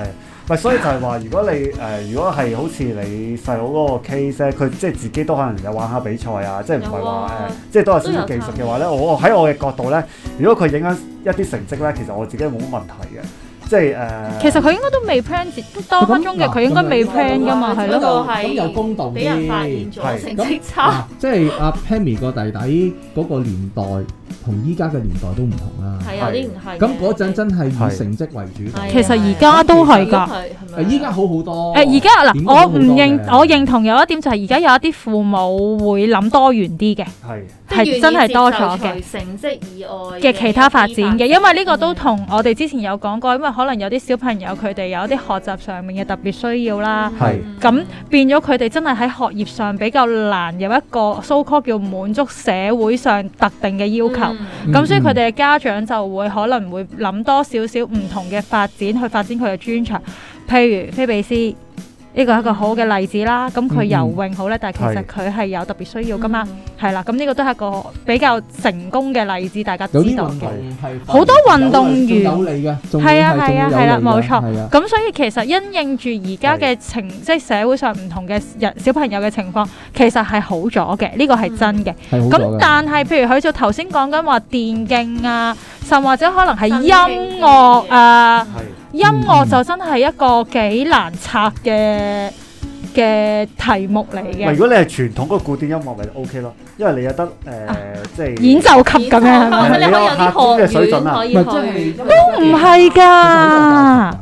唔所以就係話、呃，如果你誒，如果係好似你細佬嗰個 case 咧，佢即係自己都可能有玩下比賽啊，即係唔係話誒，即係都有少少技術嘅話咧，我喺我嘅角度咧，如果佢影響一啲成績咧，其實我自己冇乜問題嘅，即係誒。呃、其實
佢應該都未 plan，都多分鐘嘅佢應該未 plan 噶嘛、啊，係嗰個係有公道俾人發現
咗成績差。即係阿 Pammy 個弟弟嗰個年代。啊 [LAUGHS] 同依家嘅年代都唔同啦，係啊，唔係，咁嗰陣真係以成績為主，其實而家都係噶，依家好好多。誒而家嗱，我唔認，我
認同有一點就係而家有一啲父母會諗多元啲嘅，係真係多咗嘅。成績以
外嘅其他發
展嘅，因為呢個都同我哋之前有講過，因為可能有啲小朋友佢哋有一啲學習上面嘅特別需要啦，咁變咗佢哋真係喺學業上比較難有一個 so called 叫滿足社會上特定嘅要求。咁、嗯、所以佢哋嘅家長就會可能會諗多少少唔同嘅發展去發展佢嘅專長，譬如菲比斯。呢個係一個好嘅例子啦，咁佢游泳好咧，但係其實佢係有特別需要噶嘛，係啦，咁呢個都係一個比較成功嘅例子，大家知道嘅。
好
多運動員
係啊，係啊，係啦，冇錯。咁
所以其實因應住而家嘅情，即係社會上唔同嘅人小朋友嘅情況，其實係好咗嘅，呢個係真嘅。咁但係譬如佢就頭先講緊話電競啊，甚或者可能係音樂啊。音樂就真係一個幾難拆嘅嘅題目嚟嘅。如果
你係傳統嗰個古典音樂，咪就 OK 咯，因為你有得誒，
即係演奏
級咁樣。你可以有啲學嘅可以啊。都唔係㗎，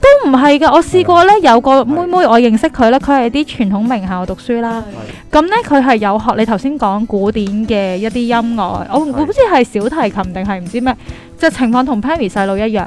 都唔係㗎。我試過咧，有個妹妹，我認識佢咧，佢係啲傳統名校讀書啦。咁咧，佢係有學。你頭先講古典嘅一啲音樂，我唔知係小提琴定係唔知咩，就情況同 Perry 細路一樣。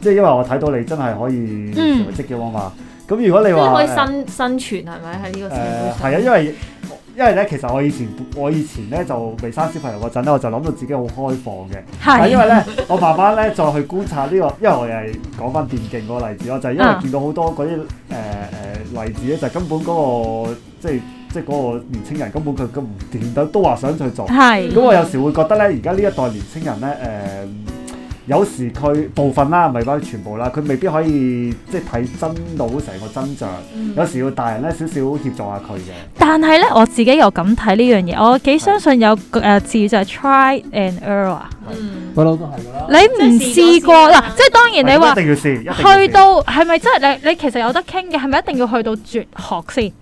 即係因為我睇到你真係可以成個職業化嘛，咁、嗯、如果你話可以生、
呃、生存係咪喺呢個？誒係
啊，因為因為咧，其實我以前我以前咧就未生小朋友嗰陣咧，我就諗到自己好開放嘅。係的，因為咧，我慢慢咧再去觀察呢、這個，因為我又係講翻電競個例子咯，就係因為見到好多嗰啲誒誒例子咧，就根本嗰、那個即係即係嗰個年青人根本佢佢唔掂都都話想去做。係的，咁、嗯、我有時會覺得咧，而家呢一代年青人咧誒。呃呃有時佢部分啦，唔係話全部啦，佢未必可以即係睇真到成個真相。嗯、有時要大人咧少少協助下佢嘅。
但係咧，我自己又咁睇呢樣嘢，我幾相信有個字就係 try and error 的。嗯，不嬲都係㗎啦。你唔試過嗱？即係當然你話一定
要試，要
試去到
係咪真係你你其實有得傾嘅？係咪一定要去到絕學先？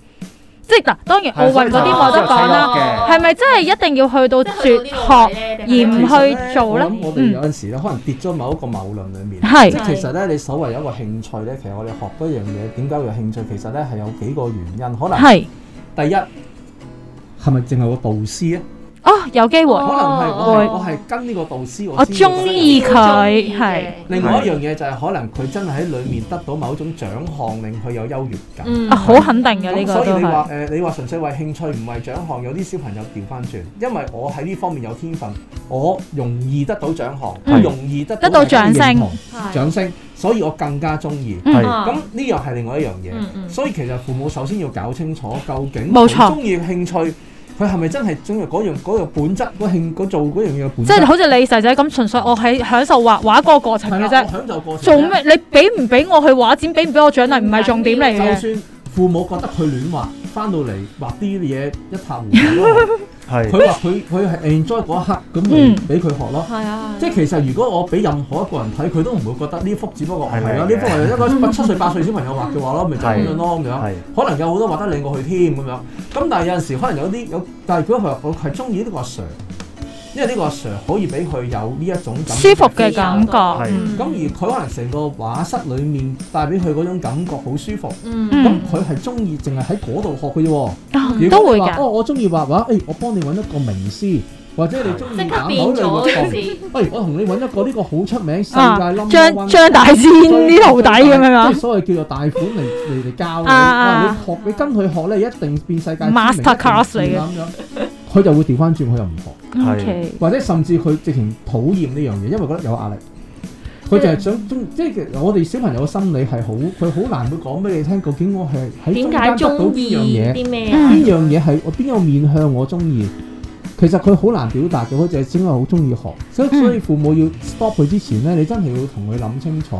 即嗱，當然的奧運嗰啲冇得講啦。係咪、哦、真係一定要去到絕學而唔去做咧？咁我哋有陣
時咧，嗯、可能跌咗某一個謬論裡面。係的即其實咧，你所謂有一個興趣咧，其實我哋學嗰樣嘢點解會有興趣呢？其實咧，係有幾個原因。可能係的第一係咪淨係個導師啊？
哦，有機會。可能係
我係我係跟呢個導師，我我中意佢係。另外一樣嘢就係可能佢真係喺裡面得到某種獎項，令佢有優越感。嗯，好肯定嘅呢個係。咁所以你話誒，你話純粹為興趣，唔為獎項，有啲小朋友調翻轉，因為我喺呢方面有天分，我容易得到獎項，我容易得得到掌聲，掌聲，所以我更加中意。係咁，呢樣係另外一樣嘢。嗯嗯。所以其實父母首先要搞清楚究竟，冇錯，中意興趣。佢係咪真係中意嗰樣嗰樣本質？我興做嗰樣嘢本質，即係好
似你細仔咁，純粹我係享受畫畫嗰個過程嘅啫。享受過程。做咩？你俾唔俾我去畫展？俾唔俾我獎勵？唔係、嗯、重點嚟嘅。就算
父母覺得佢亂畫。翻到嚟畫啲嘢一塌糊塗咯，係佢話佢佢係 enjoy 嗰一刻，咁咪俾佢學咯，係、嗯、啊，啊啊即係其實如果我俾任何一個人睇，佢都唔會覺得呢幅只不過
係啊，呢幅係一個
七歲八歲小朋友畫嘅話咯，咪 [LAUGHS] 就咁樣咯咁樣，啊啊、可能有好多畫得靚過去添咁樣，咁但係有陣時可能有啲有，但係佢佢係中意呢個阿 Sir。因為呢個阿 Sir 可以俾佢有呢一種舒服嘅感覺，咁而佢可能成個畫室裡面帶俾佢嗰種感覺好舒服，咁佢係中意淨係喺嗰度學嘅啫。都會㗎。哦，我中意畫畫，誒，我幫你揾一個名師，或者你中意考慮個事，誒，我同你揾一個呢個好出名世界，張張大千呢徒弟咁樣啊，即係所謂叫做大款嚟嚟嚟教你，學你跟佢學咧一定變世界 master class 你。咁樣。佢就會調翻轉，佢又唔學，Okay. 或者甚至佢直情討厭呢樣嘢，因為覺得有壓力。佢就係想中，嗯、即係我哋小朋友嘅心理係好，佢好難會講俾你聽。究竟我係喺中間得到呢樣嘢啲咩？呢樣嘢係我邊個面向我中意？其實佢好難表達嘅，佢就係只係好中意學。所以所以父母要 stop 佢之前咧，你真係要同佢諗清楚，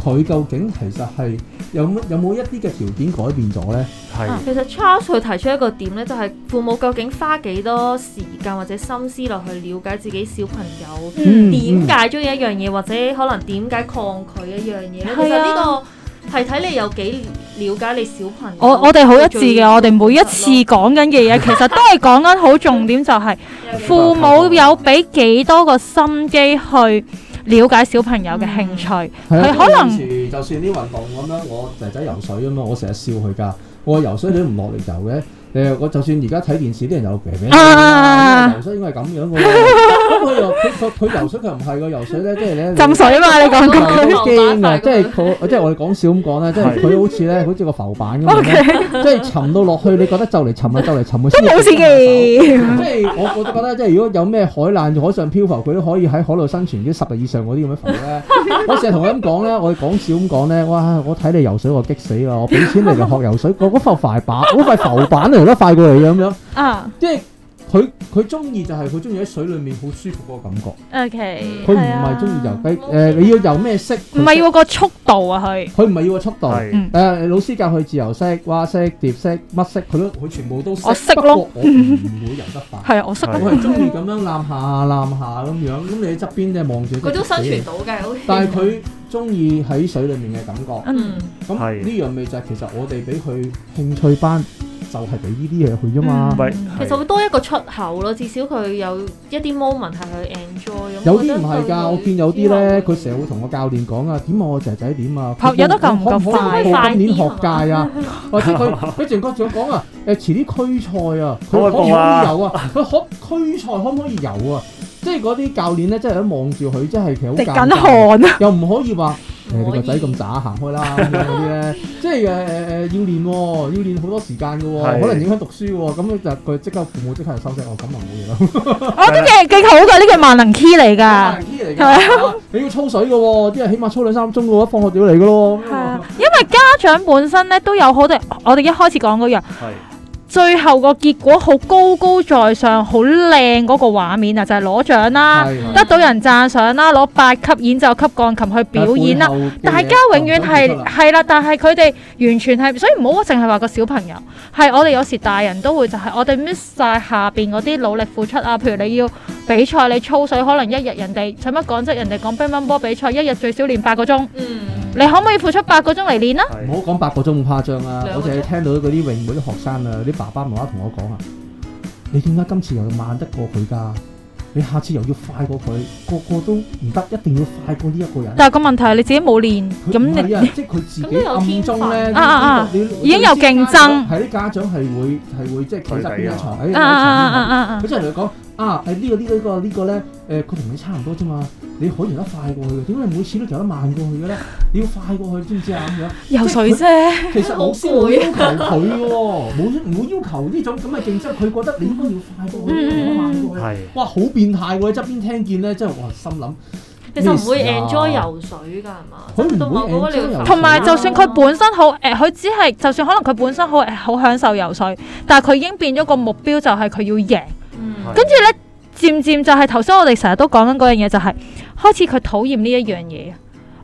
佢究竟其實係。有有冇一啲嘅條件改變咗呢？係是、啊、其
實
Charles 佢提出一個點呢，就係、是、父母究竟花幾多時間或者心思落去了解自己小朋友點解中意一樣嘢，嗯、或者可能點解抗拒一樣嘢、嗯、其實呢、呢個係睇、啊、你有幾了解你小朋友。我我哋好一致嘅，我哋
每一次講緊嘅嘢，其實都係講緊好重點、就是，就係 [LAUGHS] 父母有俾幾多個心機去了解小朋友嘅興趣，佢、嗯嗯、可能。
就算啲運動咁樣，我仔仔游水啊嘛，我成日笑佢㗎。我話游水你都唔落嚟游嘅。誒，我就算而家睇電視啲人有病嘅，游水因為咁樣嘅，咁佢又佢游水佢唔係個游水咧，即係你浸水啊嘛！你講到好驚啊，即係佢，即係我哋講笑咁講啦。即係佢好似咧，好似個浮板咁樣，即係沉到落去，你覺得就嚟沉啊就嚟沉啊！好刺激！即係我我都覺得，即係如果有咩海難海上漂浮，佢都可以喺海度生存啲十日以上嗰啲咁樣浮咧。我成日同佢咁講咧，我哋講笑咁講咧，哇！我睇你游水我激死啊！我俾錢你嚟學游水，嗰嗰塊浮板，塊浮板游得快過嚟咁樣啊！即係佢佢中意就係佢中意喺水裡面好舒服嗰個感覺。O
K，佢唔係
中意游飛誒。你要游咩色？唔係要個速度啊！佢佢唔係要個速度。誒，老師教佢自由式、蛙式、蝶式乜色，佢都佢全部都識。我識咯，我唔
會游得快。係啊，我識。佢中意
咁樣攬下攬下咁樣。咁你喺側邊咧，望住佢都生存到嘅。但係佢中意喺水裡面嘅感覺。嗯，咁呢樣咪就係其實我哋俾佢興趣班。就係俾呢啲嘢佢啫嘛、嗯，是其實
會多一個出口咯，至少佢有一啲 moment 係去 enjoy。
有啲唔係㗎，我見有啲咧，佢成日會同個教練講啊，點啊？我仔仔點啊？學有得咁多債，快可可今年學界啊，或者佢佢成個仲講啊，誒遲啲區賽啊，佢可唔可以有啊？佢可區賽可唔可以有啊？ [LAUGHS] 即係嗰啲教練咧，真係喺度望住佢，真係其實好緊張，寒又唔可以話。欸、你個仔咁渣行開啦，咁啲咧， [LAUGHS] 即係誒誒誒要練，要練好、喔、多時間噶、喔，的可能影響讀書、喔。咁就佢即刻父母即刻就收聲哦，咁冇嘢
嘅。我呢、這個係幾好噶，呢個萬
能 key 嚟噶，
係
咪的、啊、你要抽水噶、喔，啲係起碼抽兩三鐘噶，放學屌嚟噶咯。係，因為家長本身咧都有好多，我哋一開始講嗰樣。最後個結果好高高在上，好靚嗰個畫面啊，就係攞獎啦，得到人讚賞啦，攞八級演奏級鋼琴去表演啦。大家永遠係係啦，但係佢哋完全係，所以唔好淨係話個小朋友。係我哋有時大人都會就係我哋 miss 晒下邊嗰啲努力付出啊。譬如你要比賽，你操水可能一日人哋，使乜講即係人哋講乒乓波比賽，一日最少練八個鐘。嗯。你可唔可以付出八個鐘嚟練啊？
唔好講八個鐘咁誇張啊！我淨係聽到嗰啲泳會啲學生啊，啲爸爸媽媽同我講啊，你點解今次又要慢得過佢㗎？你下次又要快過佢，個個都唔得，一定要快過呢一個人。但
係個問題係你自己冇練，咁你咁
有天才啊啊啊！已經有競爭係啲家長係會係會即係企立咁一床喺度，係同佢講。啊！係、這、呢、個這個這個呢個呢個呢個咧，誒、呃，佢同你差唔多啫嘛。你可遊得快過去嘅，點解你每次都遊得慢過去嘅咧？你要快過去，知唔知啊？咁樣游水啫，其實 [LAUGHS] 我先冇要求佢喎、哦，冇冇 [LAUGHS] 要求呢種咁嘅競爭。佢 [LAUGHS] 覺得你應該要快過去，唔好、嗯、慢過去。是哇！好變態喎、啊！喺側邊聽見咧，真係我心諗，啊、
你就唔會 enjoy 游水
㗎係嘛？好唔會同埋就，就算佢
本身好誒，佢、呃、只係就算可能佢本身好本身好享受游水，但係佢已經變咗個目標就，就係佢要贏。跟住咧，漸漸就係頭先我哋成日都講緊樣嘢，就係開始佢討厭呢一樣嘢。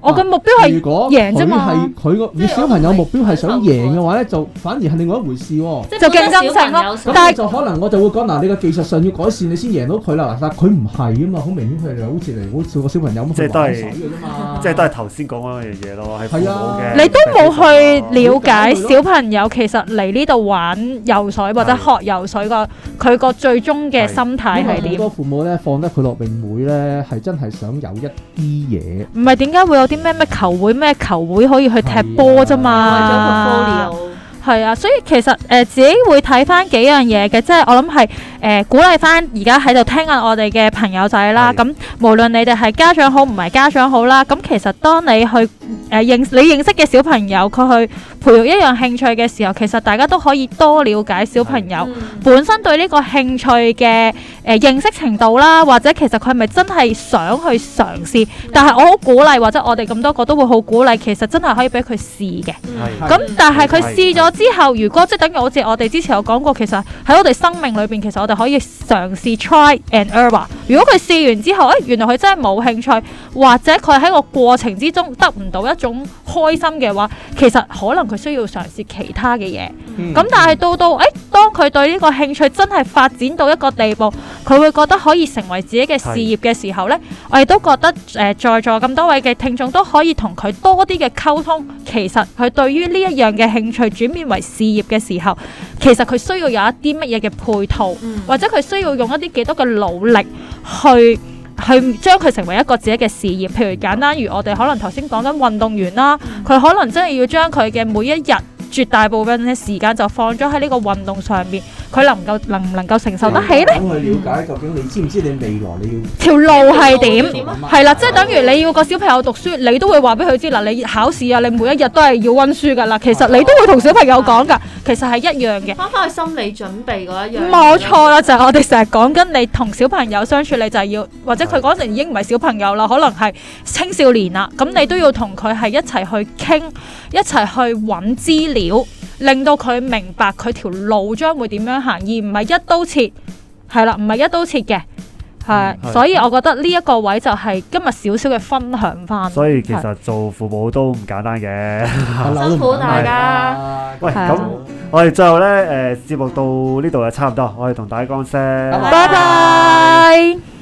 我嘅目標係如果贏啫嘛。佢係
佢個與小朋友目標係想贏嘅話咧，就反而係另外一回事喎。就競爭咯。但係就可能我就會講嗱，你個技術上要改善，你先贏到佢啦。嗱，但係佢唔
係啊嘛，好明顯佢係好似嚟好似個小朋友咁去玩水嘅啫嘛。即係都係頭先講嗰樣嘢咯，係父母嘅。你都冇去了解
小朋友其實嚟呢度玩遊水或者學游水個佢個最終嘅心態係點？好多父
母咧放得佢落泳會咧，係真係想有一啲嘢。
唔係點解會有啲？咩咩球會咩球會可以去踢波啫嘛？個係啊，啊，所以其實誒、呃，自己會睇翻幾樣嘢嘅，即係我諗係。誒鼓勵翻而家喺度聽緊我哋嘅朋友仔啦，咁無論你哋係家長好唔係家長好啦，咁其實當你去誒認你認識嘅小朋友，佢去培育一樣興趣嘅時候，其實大家都可以多了解小朋友本身對呢個興趣嘅誒認識程度啦，或者其實佢係咪真係想去嘗試？但係我好鼓勵，或者我哋咁多個都會好鼓勵，其實真係可以俾佢試嘅。咁但係佢試咗之後，如果即等於好似我哋之前有講過，其實喺我哋生命裏邊，其實我哋。可以嘗試 try and error。如果佢試完之後，誒、欸、原來佢真係冇興趣，或者佢喺個過程之中得唔到一種開心嘅話，其實可能佢需要嘗試其他嘅嘢。咁、嗯、但係到到誒、欸，當佢對呢個興趣真係發展到一個地步，佢會覺得可以成為自己嘅事業嘅時候呢，係我亦都覺得誒，在座咁多位嘅聽眾都可以同佢多啲嘅溝通。其實佢對於呢一樣嘅興趣轉變為事業嘅時候，其實佢需要有一啲乜嘢嘅配套。嗯或者佢需要用一啲幾多嘅努力去去將佢成為一個自己嘅事業。譬如簡單如我哋可能頭先講緊運動員啦，佢可能真係要將佢嘅每一日。絕大部分嘅時間就放咗喺呢個運動上面，佢能夠能唔能夠承受得起呢？想
去了解究竟你知唔知你未來你
要
條路係點？係啦，即係等於你要個小朋友讀書，你都會話俾佢知嗱，你考試啊，你每一日都係要溫書㗎嗱。其實你都會同小朋友講㗎，其實係一樣嘅。講
翻佢心理準備嗰一樣，冇錯
啦，就係我哋成日講緊你同小朋友相處，你就係要或者佢講成已經唔係小朋友啦，可能係青少年啦，咁你都要同佢係一齊去傾，一齊去揾資料。令到佢明白佢條路將會點樣行，而唔係一刀切，係啦，唔係一刀切嘅，係，嗯、所以我覺得呢一個位就係今日少少嘅分享翻。所以其實
做父母都唔簡單嘅，辛苦、啊呃、大家。
喂，咁
我哋最後咧，誒，節目到呢度就差唔多，我哋同大家講聲，拜
拜。